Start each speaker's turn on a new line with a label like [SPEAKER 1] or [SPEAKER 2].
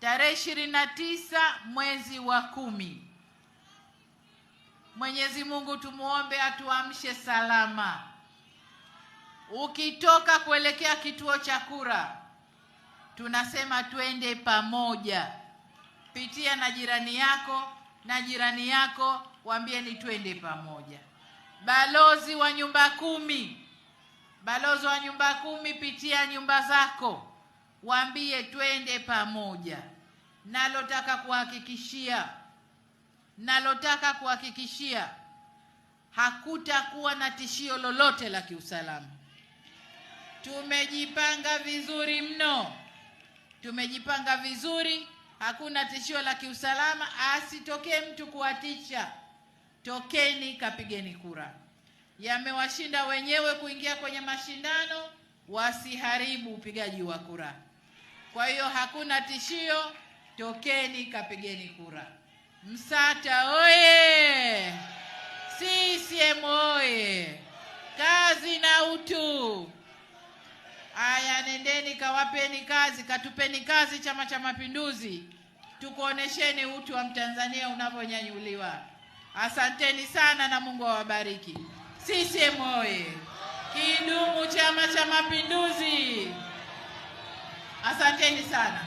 [SPEAKER 1] tarehe ishirini na tisa mwezi wa kumi. Mwenyezi Mungu tumuombe atuamshe salama. Ukitoka kuelekea kituo cha kura, tunasema twende pamoja. Pitia na jirani yako na jirani yako, waambie ni twende pamoja. Balozi wa nyumba kumi, balozi wa nyumba kumi, pitia nyumba zako waambie twende pamoja. Nalotaka kuhakikishia, nalotaka kuhakikishia, hakutakuwa na tishio lolote la kiusalama. Tumejipanga vizuri mno, tumejipanga vizuri, hakuna tishio la kiusalama. Asitokee mtu kuwatisha. Tokeni kapigeni kura. Yamewashinda wenyewe kuingia kwenye mashindano, wasiharibu upigaji wa kura. Kwa hiyo hakuna tishio, tokeni kapigeni kura. Msata oye! CCM oye! Kazi na utu. Aya, nendeni kawapeni kazi, katupeni kazi Chama cha Mapinduzi, tukuonesheni utu wa Mtanzania unavyonyanyuliwa. Asanteni sana na Mungu awabariki. CCM oye! Kidumu Chama cha Mapinduzi! Asanteni sana.